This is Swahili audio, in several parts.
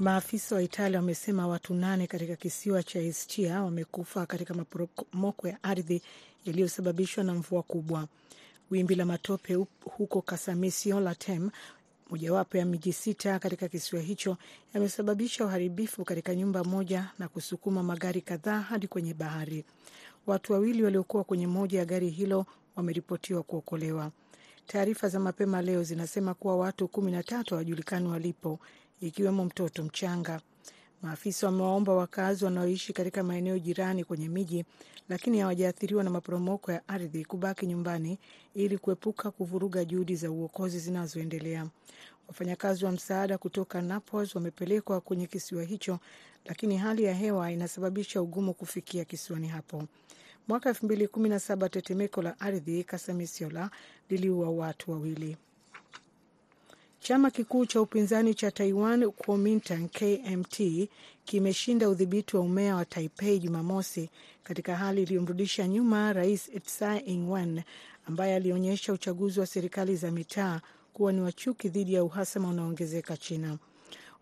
Maafisa wa Italia wamesema watu nane katika kisiwa cha Ischia wamekufa katika maporomoko ya ardhi yaliyosababishwa na mvua kubwa. Wimbi la matope huko Kasamisio Latem, mojawapo ya miji sita katika kisiwa hicho, yamesababisha uharibifu katika nyumba moja na kusukuma magari kadhaa hadi kwenye bahari. Watu wawili waliokuwa kwenye moja ya gari hilo wameripotiwa kuokolewa. Taarifa za mapema leo zinasema kuwa watu kumi na tatu hawajulikani walipo ikiwemo mtoto mchanga. Maafisa wamewaomba wakazi wanaoishi katika maeneo jirani kwenye miji lakini hawajaathiriwa na maporomoko ya ardhi kubaki nyumbani ili kuepuka kuvuruga juhudi za uokozi zinazoendelea. Wafanyakazi wa msaada kutoka Naples wamepelekwa kwenye kisiwa hicho, lakini hali ya hewa inasababisha ugumu kufikia kisiwani hapo. Mwaka 217 tetemeko la ardhi Kasamisiola liliua watu wawili. Chama kikuu cha upinzani cha Taiwan Kuomintang KMT kimeshinda udhibiti wa umea wa Taipei Jumamosi, katika hali iliyomrudisha nyuma Rais Tsai Ing-wen ambaye alionyesha uchaguzi wa serikali za mitaa kuwa ni wachuki dhidi ya uhasama unaoongezeka China.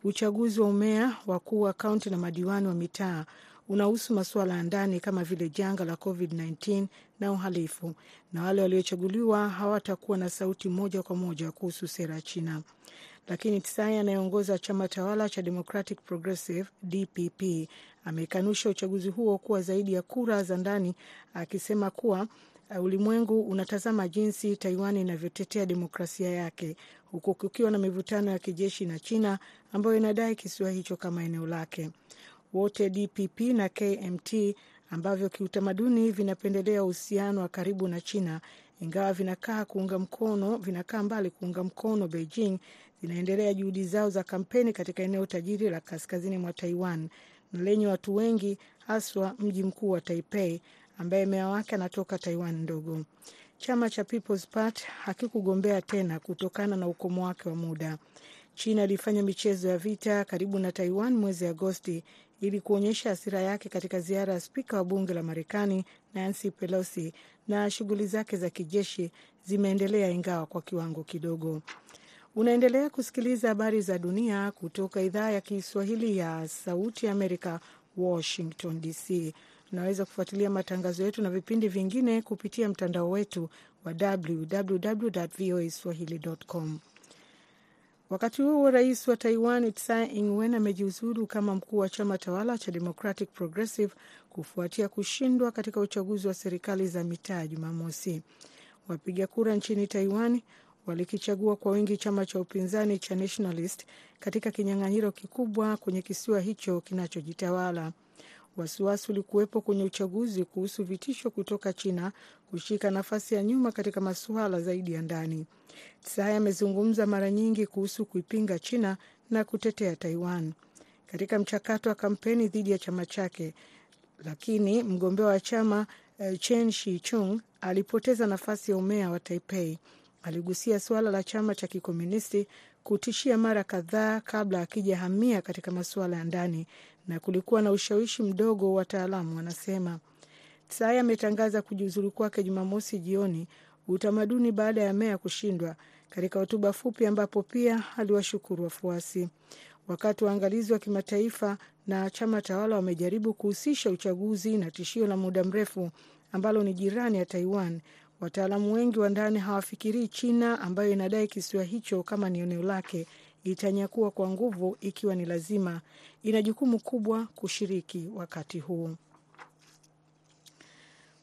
Uchaguzi wa umea, wakuu wa kaunti na madiwani wa mitaa unahusu masuala ya ndani kama vile janga la COVID-19 na uhalifu, na wale waliochaguliwa hawatakuwa na sauti moja kwa moja kuhusu sera ya China. Lakini Tsai anayeongoza chama tawala cha Democratic Progressive DPP amekanusha uchaguzi huo kuwa zaidi ya kura za ndani, akisema kuwa uh, ulimwengu unatazama jinsi Taiwan inavyotetea demokrasia yake huku kukiwa na mivutano ya kijeshi na China ambayo inadai kisiwa hicho kama eneo lake wote DPP na KMT ambavyo kiutamaduni vinapendelea uhusiano wa karibu na China, ingawa vinakaa kuunga mkono vinakaa mbali kuunga mkono Beijing, zinaendelea juhudi zao za kampeni katika eneo tajiri la kaskazini mwa Taiwan na lenye watu wengi, haswa mji mkuu wa Taipei ambaye meya wake anatoka Taiwan ndogo. Chama cha People's Party hakikugombea tena kutokana na ukomo wake wa muda. China ilifanya michezo ya vita karibu na Taiwan mwezi Agosti ili kuonyesha hasira yake katika ziara ya spika wa bunge la Marekani Nancy Pelosi, na shughuli zake za kijeshi zimeendelea ingawa kwa kiwango kidogo. Unaendelea kusikiliza habari za dunia kutoka idhaa ya Kiswahili ya Sauti ya Amerika, Washington DC. Unaweza kufuatilia matangazo yetu na vipindi vingine kupitia mtandao wetu wa www voa swahili.com. Wakati huo rais wa Taiwan Tsai Ing-wen amejiuzulu kama mkuu wa chama tawala cha Democratic Progressive kufuatia kushindwa katika uchaguzi wa serikali za mitaa Jumamosi. Wapiga kura nchini Taiwan walikichagua kwa wingi chama cha upinzani cha Nationalist katika kinyang'anyiro kikubwa kwenye kisiwa hicho kinachojitawala. Wasiwasi ulikuwepo kwenye uchaguzi kuhusu vitisho kutoka China kushika nafasi ya nyuma katika masuala zaidi ya ndani. Tsai amezungumza mara nyingi kuhusu kuipinga China na kutetea Taiwan katika mchakato wa kampeni dhidi ya chama chake, lakini mgombea wa chama uh, Chen Shih-chung alipoteza nafasi ya umea wa Taipei. Aligusia suala la chama cha kikomunisti kutishia mara kadhaa kabla akijahamia katika masuala ya ndani na kulikuwa na ushawishi mdogo, wataalamu wanasema. Tsai ametangaza kujiuzulu kwake Jumamosi jioni utamaduni baada ya meya kushindwa katika hotuba fupi ambapo pia aliwashukuru wafuasi. Wakati waangalizi wa kimataifa na chama tawala wamejaribu kuhusisha uchaguzi na tishio la muda mrefu ambalo ni jirani ya Taiwan, wataalamu wengi wa ndani hawafikirii China ambayo inadai kisiwa hicho kama ni eneo lake itanyakua kwa nguvu ikiwa ni lazima, ina jukumu kubwa kushiriki wakati huu.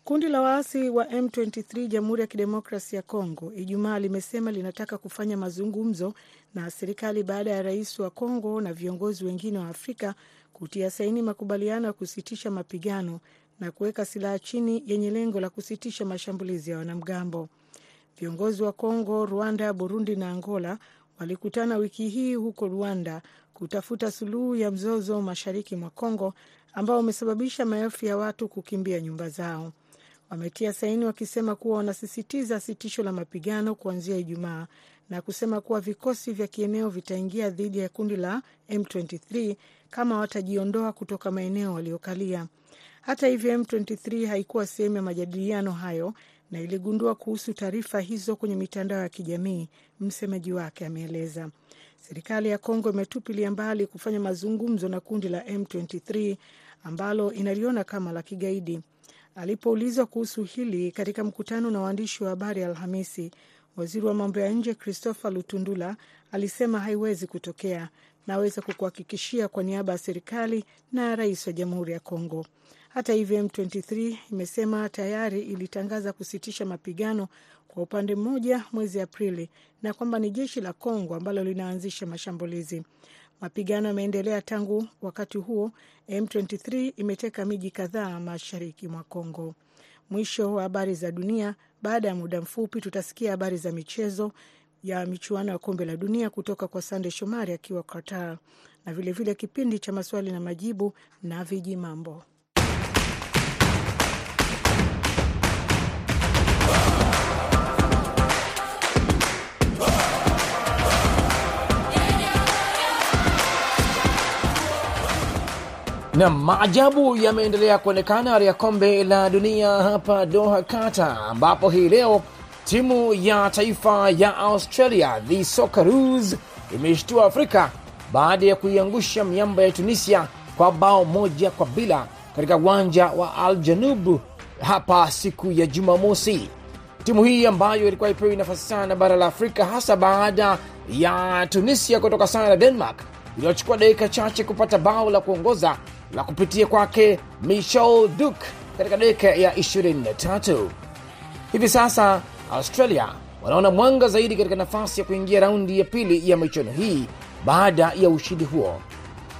Kundi la waasi wa M23 Jamhuri ya Kidemokrasi ya Kongo Ijumaa limesema linataka kufanya mazungumzo na serikali baada ya rais wa Kongo na viongozi wengine wa Afrika kutia saini makubaliano ya kusitisha mapigano na kuweka silaha chini yenye lengo la kusitisha mashambulizi ya wanamgambo. Viongozi wa Kongo, Rwanda, Burundi na Angola walikutana wiki hii huko Rwanda kutafuta suluhu ya mzozo mashariki mwa Kongo ambao umesababisha maelfu ya watu kukimbia nyumba zao. Wametia saini wakisema kuwa wanasisitiza sitisho la mapigano kuanzia Ijumaa na kusema kuwa vikosi vya kieneo vitaingia dhidi ya kundi la M23 kama watajiondoa kutoka maeneo waliokalia. Hata hivyo, M23 haikuwa sehemu ya majadiliano hayo na iligundua kuhusu taarifa hizo kwenye mitandao ya kijamii, msemaji wake ameeleza. Serikali ya Kongo imetupilia mbali kufanya mazungumzo na kundi la M23 ambalo inaliona kama la kigaidi. Alipoulizwa kuhusu hili katika mkutano na waandishi wa habari Alhamisi, waziri wa mambo ya nje Christopher Lutundula alisema haiwezi kutokea, naweza kukuhakikishia kwa niaba ya serikali na rais wa Jamhuri ya Kongo. Hata hivyo, M23 imesema tayari ilitangaza kusitisha mapigano kwa upande mmoja mwezi Aprili na kwamba ni jeshi la Kongo ambalo linaanzisha mashambulizi. Mapigano yameendelea tangu wakati huo. M23 imeteka miji kadhaa mashariki mwa Kongo. Mwisho wa habari za dunia. Baada ya muda mfupi, tutasikia habari za michezo ya michuano ya kombe la dunia kutoka kwa Sande Shomari akiwa Qatar, na vilevile vile kipindi cha maswali na majibu na viji mambo. Na maajabu yameendelea kuonekana ya kombe la dunia hapa Doha, kata ambapo hii leo timu ya taifa ya Australia the socaros imeshtua Afrika baada ya kuiangusha miamba ya Tunisia kwa bao moja kwa bila katika uwanja wa Al Janub hapa siku ya Jumamosi. Timu hii ambayo ilikuwa ipewi nafasi sana bara la Afrika, hasa baada ya Tunisia kutoka sana na Denmark, iliyochukua dakika chache kupata bao la kuongoza na kupitia kwake Michel Duk katika dakika ya 23. Hivi sasa Australia wanaona mwanga zaidi katika nafasi ya kuingia raundi ya pili ya michuano hii baada ya ushindi huo.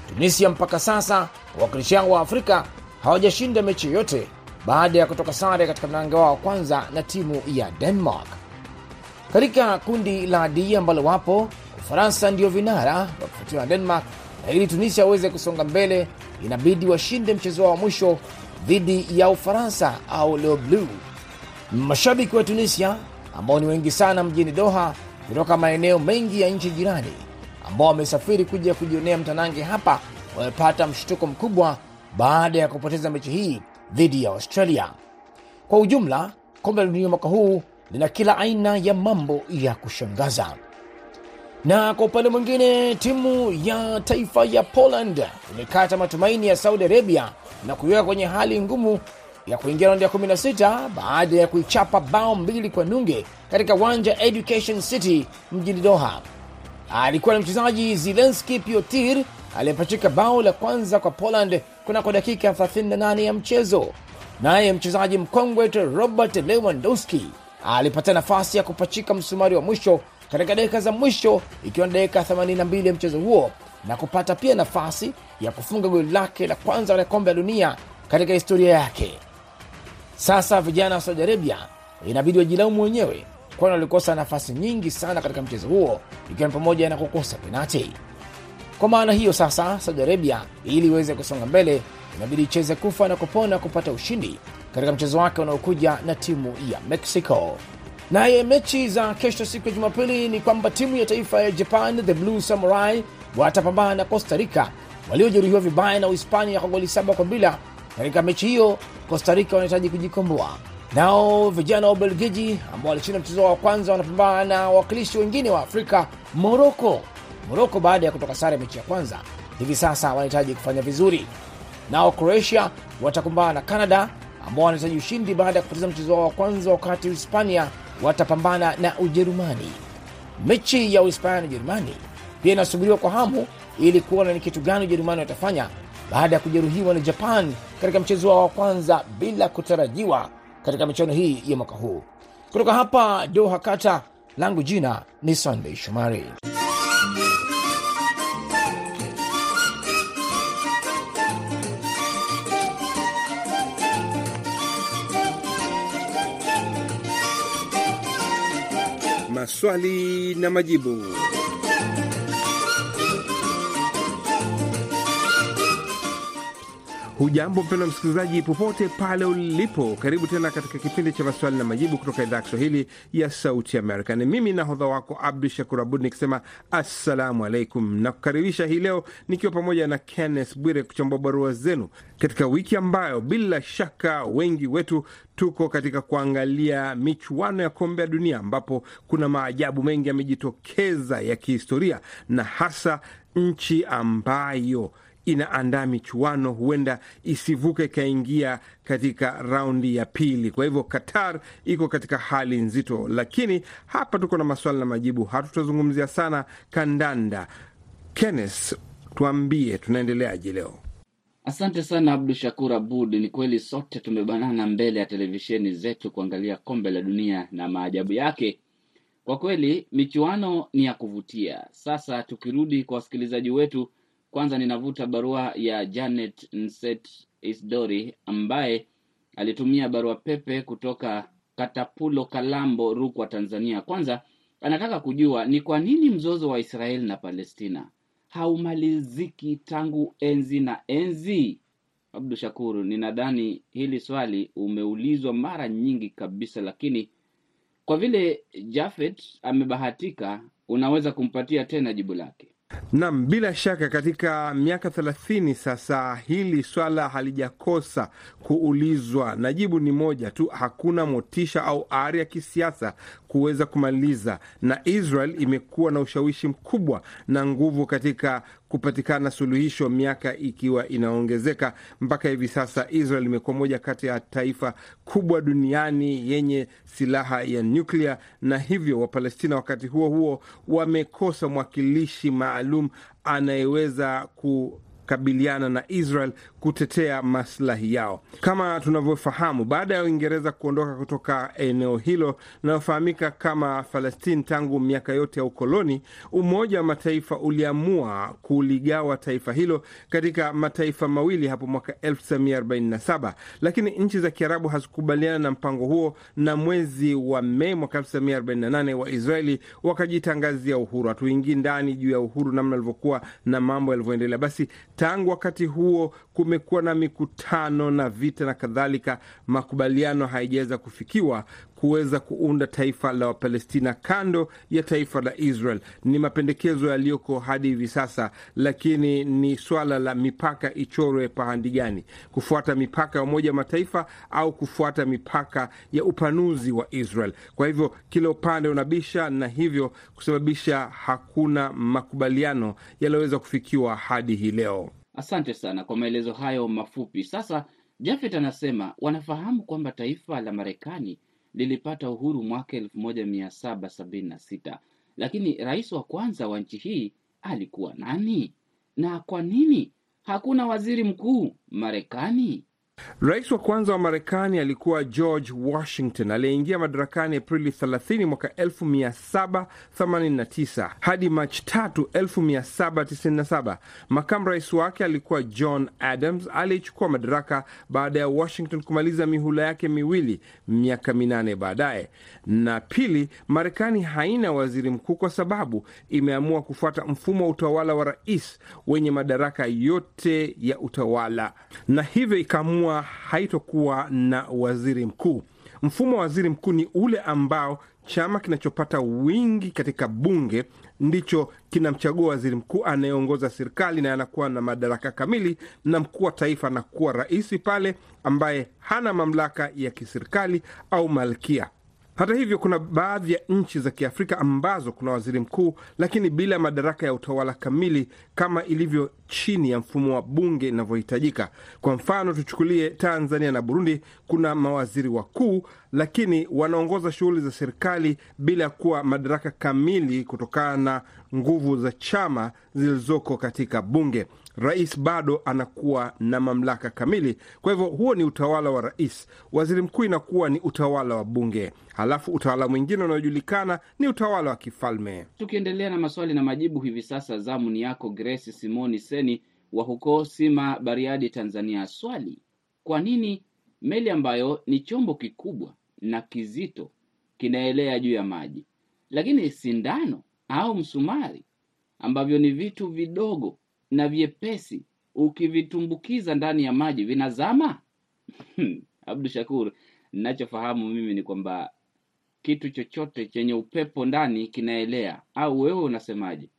Tunisia mpaka sasa wawakilishi hao wa Afrika hawajashinda mechi yoyote baada ya kutoka sare katika mlango wao wa kwanza na timu ya Denmark. Katika kundi la D ambalo wapo Ufaransa ndio vinara wakifuatiwa na Denmark na ili Tunisia waweze kusonga mbele, inabidi washinde mchezo wao wa mwisho dhidi ya Ufaransa au Le Bleu. Mashabiki wa Tunisia ambao ni wengi sana mjini Doha kutoka maeneo mengi ya nchi jirani, ambao wamesafiri kuja kujionea mtanange hapa, wamepata mshtuko mkubwa baada ya kupoteza mechi hii dhidi ya Australia. Kwa ujumla, kombe la dunia mwaka huu lina kila aina ya mambo ya kushangaza. Na kwa upande mwingine, timu ya taifa ya Poland imekata matumaini ya Saudi Arabia na kuiweka kwenye hali ngumu ya kuingia raundi ya 16 baada ya kuichapa bao mbili kwa nunge katika uwanja Education City mjini Doha. Alikuwa na mchezaji Zelenski Piotir aliyepachika bao la kwanza kwa Poland kunako dakika 38 ya mchezo. Naye mchezaji mkongwe Robert Lewandowski alipata nafasi ya kupachika msumari wa mwisho katika dakika za mwisho ikiwa na dakika 82 ya mchezo huo na kupata pia nafasi ya kufunga goli lake la kwanza la kombe la dunia katika historia yake. Sasa vijana wa Saudi Arabia inabidi wajilaumu wenyewe, kwani walikosa nafasi nyingi sana katika mchezo huo, ikiwa ni pamoja na kukosa penati. Kwa maana hiyo, sasa Saudi Arabia ili iweze kusonga mbele, inabidi icheze kufa na kupona kupata ushindi katika mchezo wake unaokuja na timu ya Mexico. Naye mechi za kesho siku ya Jumapili ni kwamba timu ya taifa ya Japan, the Blue Samurai, watapambana na Costa Rica waliojeruhiwa vibaya na Uhispania kwa goli saba kwa bila. Katika mechi hiyo, Costa Rica wanahitaji kujikomboa. Nao vijana wa Ubelgiji ambao walishinda mchezo wa kwanza wanapambana na wawakilishi wengine wa Afrika, Moroko. Moroko baada ya kutoka sare mechi ya kwanza, hivi sasa wanahitaji kufanya vizuri. Nao Croatia watakumbana na Canada ambao wanahitaji ushindi baada ya kupoteza mchezo wao wa kwanza, wakati Hispania watapambana na Ujerumani. Mechi ya Uhispania na Ujerumani pia inasubiriwa kwa hamu ili kuona ni kitu gani Ujerumani watafanya baada ya kujeruhiwa na Japan katika mchezo wao wa kwanza bila kutarajiwa katika michuano hii ya mwaka huu. Kutoka hapa Doha, Kata, langu jina ni sandey Shomari. maswali na majibu. Hujambo mpendwa msikilizaji, popote pale ulipo, karibu tena katika kipindi cha maswali na majibu kutoka idhaa ya Kiswahili ya Sauti Amerika. Ni mimi nahodha wako Abdu Shakur Abud nikisema assalamu alaikum na kukaribisha hii leo nikiwa pamoja na Kenneth Bwire kuchambua barua zenu katika wiki ambayo bila shaka wengi wetu tuko katika kuangalia michuano ya kombe ya dunia ambapo kuna maajabu mengi yamejitokeza ya kihistoria na hasa nchi ambayo inaandaa michuano, huenda isivuke ikaingia katika raundi ya pili. Kwa hivyo Qatar iko katika hali nzito, lakini hapa tuko na maswali na majibu. Hatutazungumzia sana kandanda. Kenneth, tuambie tunaendeleaje leo? Asante sana Abdu Shakur Abud. Ni kweli sote tumebanana mbele ya televisheni zetu kuangalia kombe la dunia na maajabu yake. Kwa kweli michuano ni ya kuvutia. Sasa tukirudi kwa wasikilizaji wetu kwanza ninavuta barua ya Janet Nset Isdori ambaye alitumia barua pepe kutoka Katapulo, Kalambo, Rukwa, Tanzania. Kwanza anataka kujua ni kwa nini mzozo wa Israeli na Palestina haumaliziki tangu enzi na enzi. Abdu Shakuru, ninadhani hili swali umeulizwa mara nyingi kabisa, lakini kwa vile Jafet amebahatika, unaweza kumpatia tena jibu lake. Nam, bila shaka katika miaka thelathini sasa hili swala halijakosa kuulizwa, na jibu ni moja tu: hakuna motisha au ari ya kisiasa kuweza kumaliza, na Israel imekuwa na ushawishi mkubwa na nguvu katika kupatikana suluhisho, miaka ikiwa inaongezeka. Mpaka hivi sasa Israel imekuwa moja kati ya taifa kubwa duniani yenye silaha ya nyuklia, na hivyo Wapalestina wakati huo huo wamekosa mwakilishi maalum anayeweza ku kabiliana na Israel kutetea maslahi yao. Kama tunavyofahamu, baada ya Uingereza kuondoka kutoka eneo hilo linalofahamika kama Palestine tangu miaka yote ya ukoloni, Umoja wa Mataifa uliamua kuligawa taifa hilo katika mataifa mawili hapo mwaka 1947 lakini nchi za Kiarabu hazikubaliana na mpango huo, na mwezi wa Mei mwaka 1948 wa Israeli wakajitangazia uhuru. Hatuingii ndani juu ya uhuru, namna alivyokuwa na mambo yalivyoendelea. Basi tangu wakati huo kume kumekuwa na mikutano na vita na kadhalika, makubaliano haijaweza kufikiwa kuweza kuunda taifa la Wapalestina kando ya taifa la Israel. Ni mapendekezo yaliyoko hadi hivi sasa, lakini ni swala la mipaka ichorwe pahandi gani, kufuata mipaka ya Umoja wa Mataifa au kufuata mipaka ya upanuzi wa Israel. Kwa hivyo kila upande unabisha, na hivyo kusababisha hakuna makubaliano yaliyoweza kufikiwa hadi hii leo. Asante sana kwa maelezo hayo mafupi. Sasa Jafet anasema wanafahamu kwamba taifa la Marekani lilipata uhuru mwaka elfu moja mia saba sabini na sita lakini rais wa kwanza wa nchi hii alikuwa nani na kwa nini hakuna waziri mkuu Marekani? Rais wa kwanza wa Marekani alikuwa George Washington aliyeingia madarakani Aprili 30 mwaka 1789 hadi Machi 3, 1797. Makamu rais wake alikuwa John Adams aliyechukua madaraka baada ya Washington kumaliza mihula yake miwili miaka minane baadaye. Na pili, Marekani haina waziri mkuu kwa sababu imeamua kufuata mfumo wa utawala wa rais wenye madaraka yote ya utawala, na hivyo ikaamua kuamua haitokuwa na waziri mkuu. Mfumo wa waziri mkuu ni ule ambao chama kinachopata wingi katika bunge ndicho kinamchagua waziri mkuu anayeongoza serikali na anakuwa na madaraka kamili, na mkuu wa taifa anakuwa rais pale, ambaye hana mamlaka ya kiserikali au malkia. Hata hivyo, kuna baadhi ya nchi za Kiafrika ambazo kuna waziri mkuu lakini bila madaraka ya utawala kamili kama ilivyo chini ya mfumo wa bunge inavyohitajika. Kwa mfano, tuchukulie Tanzania na Burundi, kuna mawaziri wakuu lakini wanaongoza shughuli za serikali bila kuwa madaraka kamili kutokana na nguvu za chama zilizoko katika bunge rais bado anakuwa na mamlaka kamili. Kwa hivyo huo ni utawala wa rais, waziri mkuu inakuwa ni utawala wa bunge, halafu utawala mwingine unaojulikana ni utawala wa kifalme. Tukiendelea na maswali na majibu hivi sasa, zamu ni yako Grace Simoni Seni wa huko Sima, Bariadi, Tanzania. Swali, kwa nini meli ambayo ni chombo kikubwa na kizito kinaelea juu ya maji, lakini sindano au msumari ambavyo ni vitu vidogo na vyepesi ukivitumbukiza ndani ya maji vinazama? Hmm, Abdu Shakur, ninachofahamu mimi ni kwamba kitu chochote chenye upepo ndani kinaelea, au wewe unasemaje?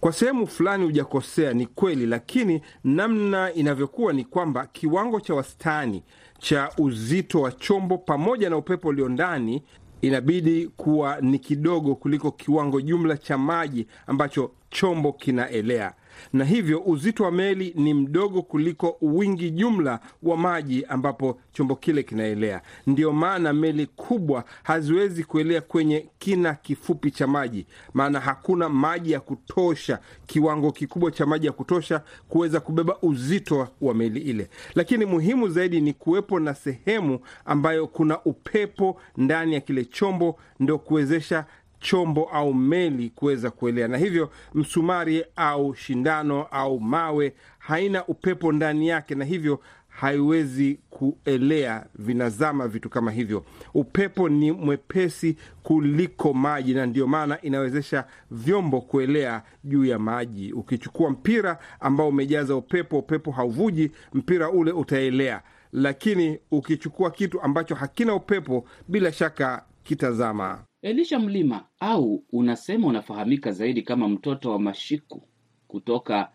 Kwa sehemu fulani hujakosea, ni kweli, lakini namna inavyokuwa ni kwamba kiwango cha wastani cha uzito wa chombo pamoja na upepo ulio ndani inabidi kuwa ni kidogo kuliko kiwango jumla cha maji ambacho chombo kinaelea na hivyo uzito wa meli ni mdogo kuliko wingi jumla wa maji ambapo chombo kile kinaelea. Ndiyo maana meli kubwa haziwezi kuelea kwenye kina kifupi cha maji, maana hakuna maji ya kutosha, kiwango kikubwa cha maji ya kutosha kuweza kubeba uzito wa meli ile. Lakini muhimu zaidi ni kuwepo na sehemu ambayo kuna upepo ndani ya kile chombo, ndo kuwezesha chombo au meli kuweza kuelea, na hivyo msumari au shindano au mawe haina upepo ndani yake, na hivyo haiwezi kuelea, vinazama vitu kama hivyo. Upepo ni mwepesi kuliko maji, na ndiyo maana inawezesha vyombo kuelea juu ya maji. Ukichukua mpira ambao umejaza upepo, upepo hauvuji, mpira ule utaelea. Lakini ukichukua kitu ambacho hakina upepo, bila shaka kitazama. Elisha Mlima au unasema unafahamika zaidi kama mtoto wa Mashiku kutoka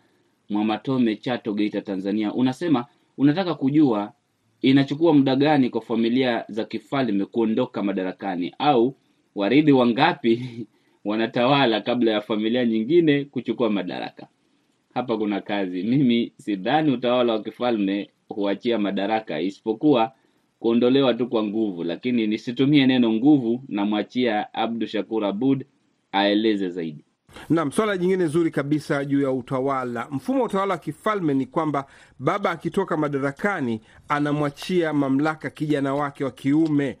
Mwamatome, Chato, Geita, Tanzania, unasema unataka kujua inachukua muda gani kwa familia za kifalme kuondoka madarakani au warithi wangapi wanatawala kabla ya familia nyingine kuchukua madaraka. Hapa kuna kazi. Mimi sidhani utawala wa kifalme huachia madaraka, isipokuwa kuondolewa tu kwa nguvu, lakini nisitumie neno nguvu, namwachia Abdu Shakur Abud aeleze zaidi. Naam, swala jingine zuri kabisa juu ya utawala, mfumo wa utawala wa kifalme ni kwamba baba akitoka madarakani anamwachia mamlaka kijana wake wa kiume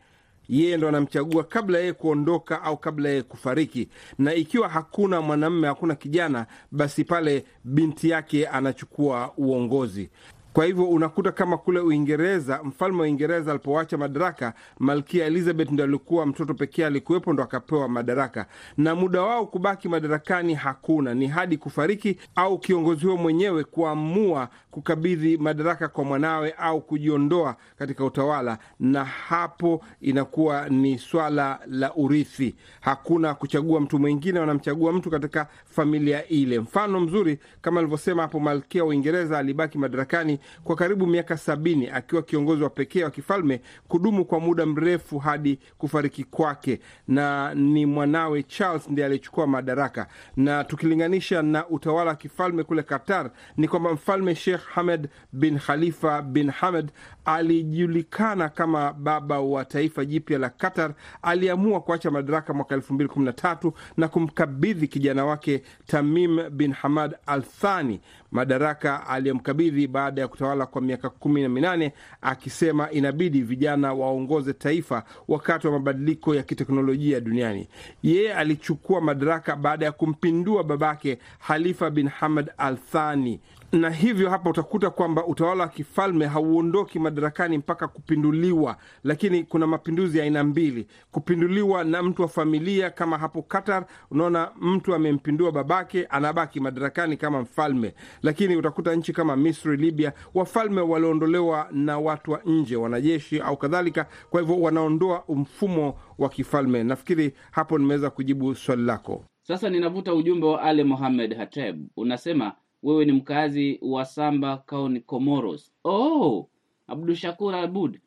yeye ndo anamchagua kabla yeye kuondoka au kabla yeye kufariki. Na ikiwa hakuna mwanamme, hakuna kijana, basi pale binti yake anachukua uongozi. Kwa hivyo unakuta kama kule Uingereza, mfalme wa Uingereza alipowacha madaraka, malkia Elizabeth ndo alikuwa mtoto pekee alikuwepo, ndo akapewa madaraka, na muda wao kubaki madarakani hakuna, ni hadi kufariki au kiongozi huo mwenyewe kuamua kukabidhi madaraka kwa mwanawe au kujiondoa katika utawala, na hapo inakuwa ni swala la urithi. Hakuna kuchagua mtu mwingine, wanamchagua mtu katika familia ile. Mfano mzuri kama alivyosema hapo, malkia wa Uingereza alibaki madarakani kwa karibu miaka sabini akiwa kiongozi wa pekee wa kifalme kudumu kwa muda mrefu hadi kufariki kwake, na ni mwanawe Charles ndiye aliyechukua madaraka. Na tukilinganisha na utawala wa kifalme kule Qatar ni kwamba mfalme Sheikh Hamed bin Khalifa bin Hamed alijulikana kama baba wa taifa jipya la Qatar. Aliamua kuacha madaraka mwaka 2013 na kumkabidhi kijana wake Tamim bin Hamad Al Thani madaraka aliyomkabidhi baada ya kutawala kwa miaka kumi na minane akisema inabidi vijana waongoze taifa wakati wa mabadiliko ya kiteknolojia duniani. Yeye alichukua madaraka baada ya kumpindua babake Halifa bin Hamad al Thani na hivyo hapa utakuta kwamba utawala wa kifalme hauondoki madarakani mpaka kupinduliwa, lakini kuna mapinduzi ya aina mbili: kupinduliwa na mtu wa familia, kama hapo Qatar. Unaona, mtu amempindua babake, anabaki madarakani kama mfalme, lakini utakuta nchi kama Misri, Libya, wafalme waliondolewa na watu wa nje, wanajeshi au kadhalika. Kwa hivyo wanaondoa mfumo wa kifalme. Nafikiri hapo nimeweza kujibu swali lako. Sasa ninavuta ujumbe wa Ali Mohamed Hateb, unasema wewe ni mkazi wa Samba kauni Comoros. Oh, shakur Abud,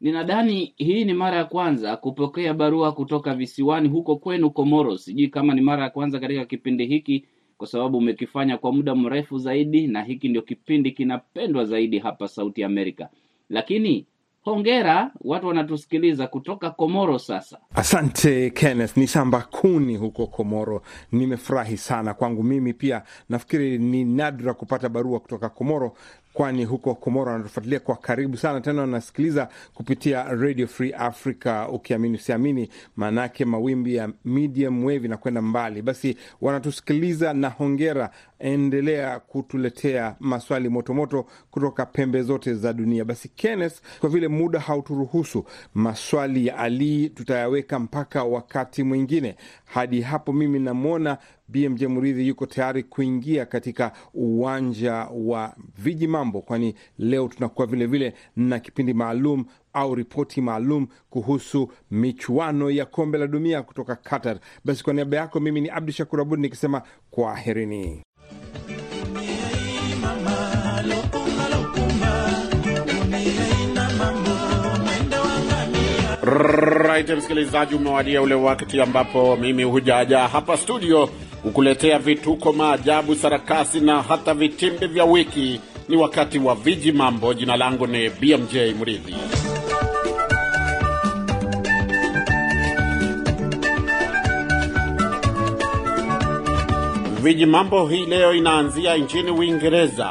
ninadhani hii ni mara ya kwanza kupokea barua kutoka visiwani huko kwenu Comoros. Sijui kama ni mara ya kwanza katika kipindi hiki, kwa sababu umekifanya kwa muda mrefu zaidi, na hiki ndio kipindi kinapendwa zaidi hapa Sauti Amerika, lakini Hongera, watu wanatusikiliza kutoka Komoro. Sasa asante Kenneth, ni samba kuni huko Komoro. Nimefurahi sana kwangu mimi pia, nafikiri ni nadra kupata barua kutoka Komoro kwani huko Komoro wanatufuatilia kwa karibu sana, tena wanasikiliza kupitia Radio Free Africa. Ukiamini usiamini, maanake mawimbi ya medium wave inakwenda mbali. Basi wanatusikiliza na hongera, endelea kutuletea maswali motomoto kutoka pembe zote za dunia. Basi Kenneth, kwa vile muda hauturuhusu, maswali ya Ali tutayaweka mpaka wakati mwingine. Hadi hapo mimi namwona BMJ Muridhi yuko tayari kuingia katika uwanja wa viji mambo, kwani leo tunakuwa vilevile na kipindi maalum au ripoti maalum kuhusu michuano ya kombe la dunia kutoka Qatar. Basi kwa niaba yako mimi ni Abdu Shakur Abud nikisema kwaherini. Right, msikilizaji, umewadia ule wakati ambapo mimi hujaja hapa studio kukuletea vituko, maajabu, sarakasi na hata vitimbi vya wiki. Ni wakati wa viji mambo. Jina langu ni BMJ Mridhi. Viji mambo hii leo inaanzia nchini Uingereza.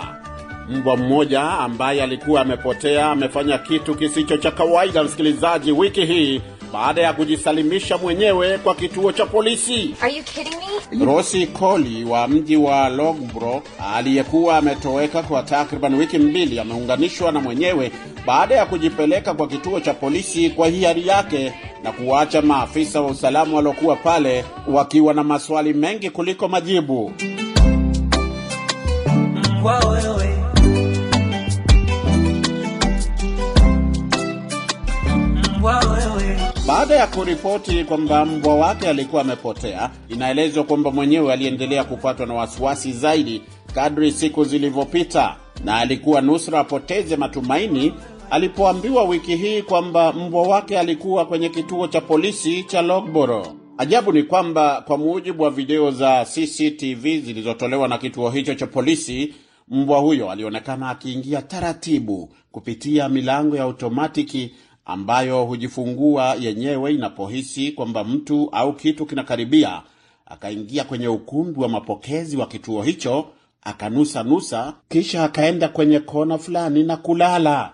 Mbwa mmoja ambaye alikuwa amepotea amefanya kitu kisicho cha kawaida, msikilizaji, wiki hii baada ya kujisalimisha mwenyewe kwa kituo cha polisi. Are you kidding me? Rosi Koli wa mji wa Logbro aliyekuwa ametoweka kwa takriban wiki mbili ameunganishwa na mwenyewe baada ya kujipeleka kwa kituo cha polisi kwa hiari yake na kuwaacha maafisa wa usalama waliokuwa pale wakiwa na maswali mengi kuliko majibu. Wow, wow, wow. ya kuripoti kwamba mbwa wake alikuwa amepotea, inaelezwa kwamba mwenyewe aliendelea kupatwa na wasiwasi zaidi kadri siku zilivyopita, na alikuwa nusra apoteze matumaini alipoambiwa wiki hii kwamba mbwa wake alikuwa kwenye kituo cha polisi cha Logboro. Ajabu ni kwamba kwa mujibu wa video za CCTV zilizotolewa na kituo hicho cha polisi, mbwa huyo alionekana akiingia taratibu kupitia milango ya otomatiki ambayo hujifungua yenyewe inapohisi kwamba mtu au kitu kinakaribia, akaingia kwenye ukumbi wa mapokezi wa kituo hicho akanusa nusa, kisha akaenda kwenye kona fulani na kulala.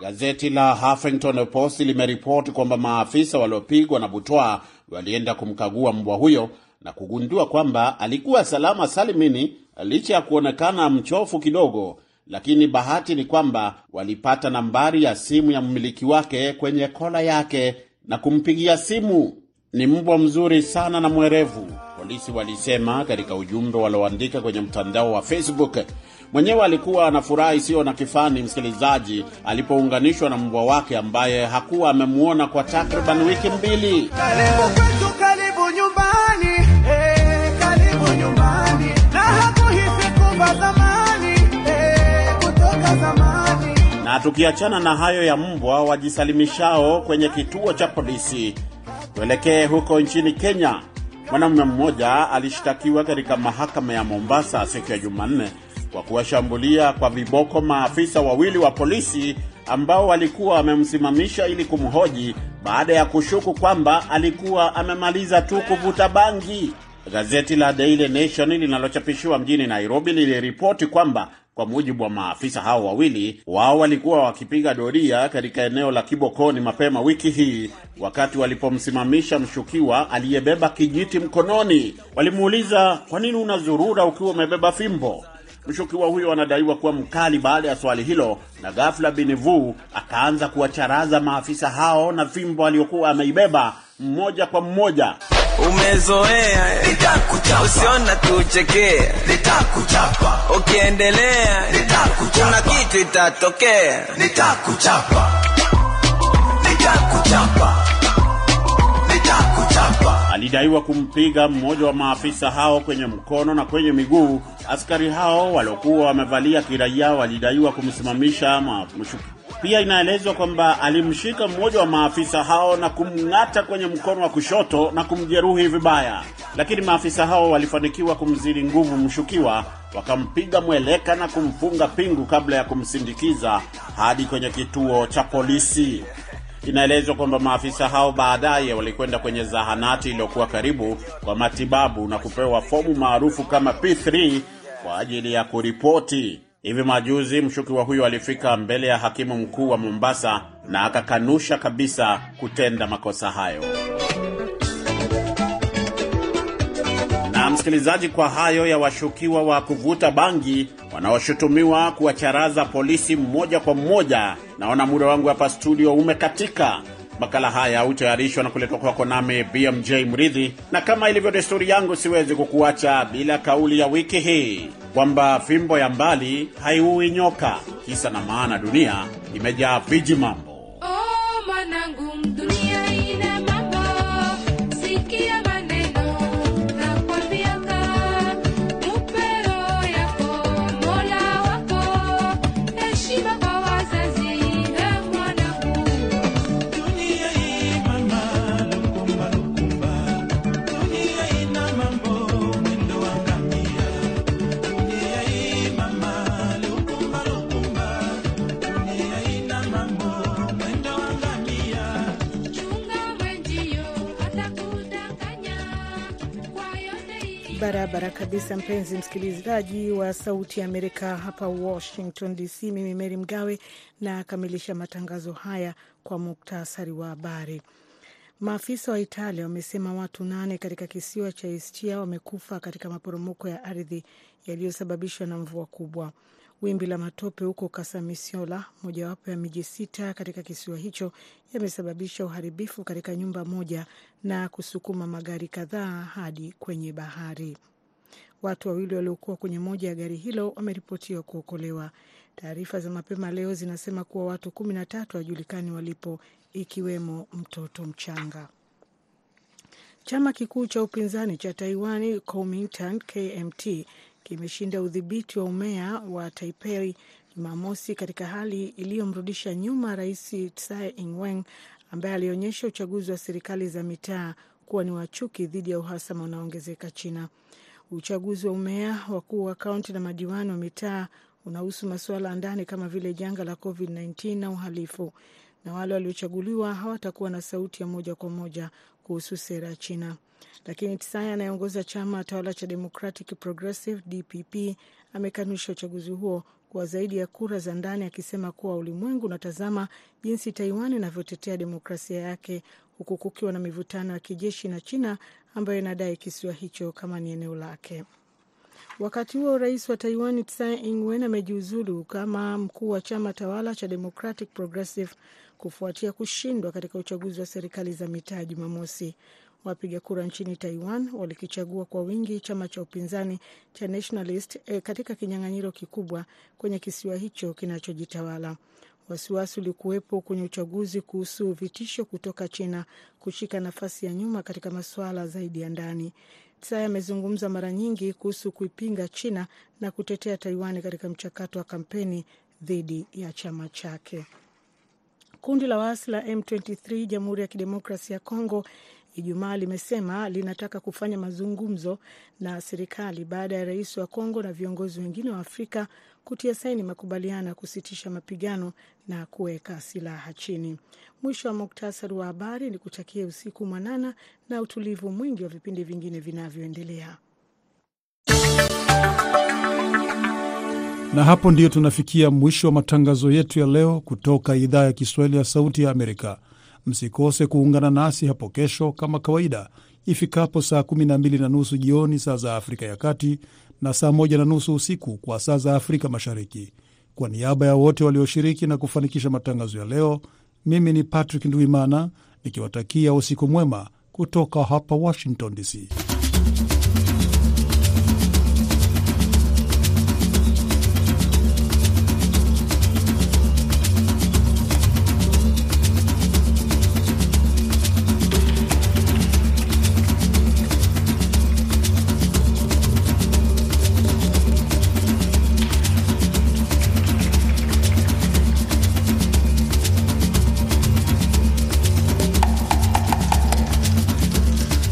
Gazeti la Huffington Post limeripoti kwamba maafisa waliopigwa na butwaa walienda kumkagua mbwa huyo na kugundua kwamba alikuwa salama salimini licha ya kuonekana mchofu kidogo lakini bahati ni kwamba walipata nambari ya simu ya mmiliki wake kwenye kola yake na kumpigia simu. Ni mbwa mzuri sana na mwerevu, polisi walisema katika ujumbe walioandika kwenye mtandao wa Facebook. Mwenyewe alikuwa na furaha isiyo na kifani, msikilizaji, alipounganishwa na mbwa wake ambaye hakuwa amemwona kwa takriban wiki mbili. nyumbani, eh, karibu nyumbani na hakuhisi tukiachana na hayo ya mbwa wajisalimishao kwenye kituo cha polisi, tuelekee huko nchini Kenya. Mwanamume mmoja alishtakiwa katika mahakama ya Mombasa siku ya Jumanne kwa kuwashambulia kwa viboko maafisa wawili wa polisi ambao walikuwa wamemsimamisha ili kumhoji baada ya kushuku kwamba alikuwa amemaliza tu kuvuta bangi. Gazeti la Daily Nation linalochapishwa mjini Nairobi liliripoti kwamba kwa mujibu wa maafisa hao wawili, wao walikuwa wakipiga doria katika eneo la Kibokoni mapema wiki hii, wakati walipomsimamisha mshukiwa aliyebeba kijiti mkononi. Walimuuliza, kwa nini unazurura ukiwa umebeba fimbo? Mshukiwa huyo anadaiwa kuwa mkali baada ya swali hilo, na ghafla Binivu akaanza kuwacharaza maafisa hao na fimbo aliyokuwa ameibeba mmoja kwa mmoja umezoea, eh. usiona tuchekea, ukiendelea kuna kitu itatokea, nitakuchapa, nitakuchapa. Alidaiwa kumpiga mmoja wa maafisa hao kwenye mkono na kwenye miguu. Askari hao waliokuwa wamevalia kiraia walidaiwa kumsimamisha mshukiwa pia inaelezwa kwamba alimshika mmoja wa maafisa hao na kumng'ata kwenye mkono wa kushoto na kumjeruhi vibaya, lakini maafisa hao walifanikiwa kumzidi nguvu mshukiwa, wakampiga mweleka na kumfunga pingu kabla ya kumsindikiza hadi kwenye kituo cha polisi. Inaelezwa kwamba maafisa hao baadaye walikwenda kwenye zahanati iliyokuwa karibu kwa matibabu na kupewa fomu maarufu kama P3 kwa ajili ya kuripoti. Hivi majuzi mshukiwa huyo alifika mbele ya hakimu mkuu wa Mombasa na akakanusha kabisa kutenda makosa hayo. Na msikilizaji, kwa hayo ya washukiwa wa kuvuta bangi wanaoshutumiwa kuwacharaza polisi mmoja kwa mmoja, naona muda wangu hapa studio umekatika. Makala haya hutayarishwa na kuletwa kwako nami BMJ Mridhi, na kama ilivyo desturi yangu, siwezi kukuacha bila kauli ya wiki hii kwamba fimbo ya mbali haiui nyoka. Kisa na maana, dunia imejaa viji mambo. Oh, kabisa mpenzi msikilizaji wa Sauti ya Amerika hapa Washington DC. Mimi Meri Mgawe nakamilisha matangazo haya kwa muktasari wa habari. Maafisa wa Italia wamesema watu nane katika kisiwa cha istia wamekufa katika maporomoko ya ardhi yaliyosababishwa na mvua kubwa. Wimbi la matope huko Kasamisiola, mojawapo ya miji sita katika kisiwa hicho, yamesababisha uharibifu katika nyumba moja na kusukuma magari kadhaa hadi kwenye bahari. Watu wawili waliokuwa kwenye moja ya gari hilo wameripotiwa kuokolewa. Taarifa za mapema leo zinasema kuwa watu kumi na tatu hawajulikani walipo, ikiwemo mtoto mchanga. Chama kikuu cha upinzani cha Taiwan Kuomintang KMT kimeshinda udhibiti wa umea wa Taipei Jumamosi, katika hali iliyomrudisha nyuma Rais Tsai Ing-wen ambaye alionyesha uchaguzi wa serikali za mitaa kuwa ni wachuki dhidi ya uhasama unaoongezeka China. Uchaguzi wa umeya, wakuu wa kaunti na madiwani wa mitaa unahusu masuala ya ndani kama vile janga la COVID-19 na uhalifu, na wale waliochaguliwa hawatakuwa na sauti ya moja kwa moja kuhusu sera ya China. Lakini Tsai anayeongoza chama tawala cha Democratic Progressive DPP amekanusha uchaguzi huo kwa zaidi ya kura za ndani, akisema kuwa ulimwengu unatazama jinsi Taiwan inavyotetea demokrasia yake huku kukiwa na mivutano ya kijeshi na China ambayo inadai kisiwa hicho kama ni eneo lake. Wakati huo rais wa Taiwan Tsai Ing-wen amejiuzulu kama mkuu wa chama tawala cha Democratic Progressive kufuatia kushindwa katika uchaguzi wa serikali za mitaa Jumamosi wapiga kura nchini Taiwan walikichagua kwa wingi chama cha upinzani cha Nationalist e, katika kinyang'anyiro kikubwa kwenye kisiwa hicho kinachojitawala. Wasiwasi ulikuwepo kwenye uchaguzi kuhusu vitisho kutoka China kushika nafasi ya nyuma katika masuala zaidi ya ndani. Tsai amezungumza mara nyingi kuhusu kuipinga China na kutetea Taiwan katika mchakato wa kampeni dhidi ya chama chake. Kundi la waasi la M23 Jamhuri ya Kidemokrasia ya Kongo Ijumaa limesema linataka kufanya mazungumzo na serikali baada ya rais wa Kongo na viongozi wengine wa Afrika kutia saini makubaliano ya kusitisha mapigano na kuweka silaha chini. Mwisho wa muktasari wa habari. Ni kutakia usiku mwanana na utulivu mwingi wa vipindi vingine vinavyoendelea. Na hapo ndiyo tunafikia mwisho wa matangazo yetu ya leo kutoka idhaa ya Kiswahili ya Sauti ya Amerika. Msikose kuungana nasi hapo kesho kama kawaida ifikapo saa 12 na nusu jioni saa za Afrika ya Kati na saa 1 na nusu usiku kwa saa za Afrika Mashariki. Kwa niaba ya wote walioshiriki na kufanikisha matangazo ya leo, mimi ni Patrick nduimana nikiwatakia usiku mwema kutoka hapa Washington DC.